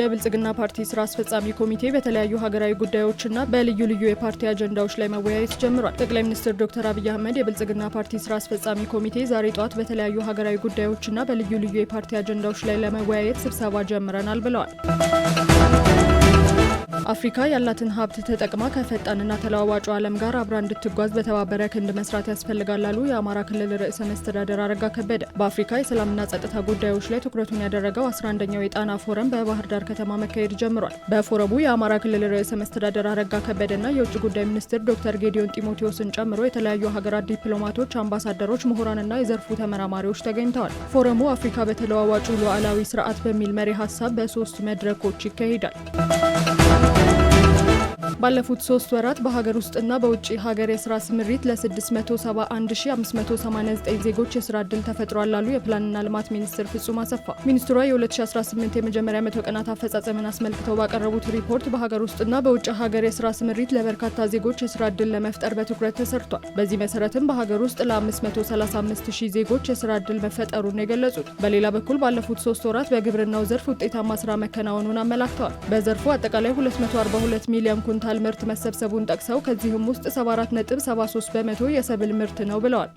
የብልጽግና ፓርቲ ስራ አስፈጻሚ ኮሚቴ በተለያዩ ሀገራዊ ጉዳዮችና በልዩ ልዩ የፓርቲ አጀንዳዎች ላይ መወያየት ጀምሯል። ጠቅላይ ሚኒስትር ዶክተር አብይ አህመድ የብልጽግና ፓርቲ ስራ አስፈጻሚ ኮሚቴ ዛሬ ጠዋት በተለያዩ ሀገራዊ ጉዳዮችና በልዩ ልዩ የፓርቲ አጀንዳዎች ላይ ለመወያየት ስብሰባ ጀምረናል ብለዋል። አፍሪካ ያላትን ሀብት ተጠቅማ ከፈጣንና ተለዋዋጩ ዓለም ጋር አብራ እንድትጓዝ በተባበረ ክንድ መስራት ያስፈልጋል አሉ የአማራ ክልል ርዕሰ መስተዳደር አረጋ ከበደ። በአፍሪካ የሰላምና ጸጥታ ጉዳዮች ላይ ትኩረቱን ያደረገው 11ኛው የጣና ፎረም በባህር ዳር ከተማ መካሄድ ጀምሯል። በፎረሙ የአማራ ክልል ርዕሰ መስተዳደር አረጋ ከበደና የውጭ ጉዳይ ሚኒስትር ዶክተር ጌዲዮን ጢሞቴዎስን ጨምሮ የተለያዩ ሀገራት ዲፕሎማቶች፣ አምባሳደሮች፣ ምሁራንና የዘርፉ ተመራማሪዎች ተገኝተዋል። ፎረሙ አፍሪካ በተለዋዋጩ ሉዓላዊ ስርዓት በሚል መሪ ሀሳብ በሶስት መድረኮች ይካሄዳል። ባለፉት ሶስት ወራት በሀገር ውስጥና በውጭ ሀገር የስራ ስምሪት ለ671589 ዜጎች የስራ እድል ተፈጥሯል ላሉ የፕላንና ልማት ሚኒስትር ፍጹም አሰፋ። ሚኒስትሯ የ2018 የመጀመሪያ መቶ ቀናት አፈጻጸምን አስመልክተው ባቀረቡት ሪፖርት በሀገር ውስጥና በውጭ ሀገር የስራ ስምሪት ለበርካታ ዜጎች የስራ እድል ለመፍጠር በትኩረት ተሰርቷል። በዚህ መሰረትም በሀገር ውስጥ ለ535 ዜጎች የስራ እድል መፈጠሩን የገለጹት፣ በሌላ በኩል ባለፉት ሶስት ወራት በግብርናው ዘርፍ ውጤታማ ስራ መከናወኑን አመላክተዋል። በዘርፉ አጠቃላይ 242 ሚሊዮን ኩንታል ኩንታል ምርት መሰብሰቡን ጠቅሰው ከዚህም ውስጥ 74.73 በመቶ የሰብል ምርት ነው ብለዋል።